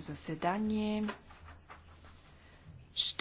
заседание.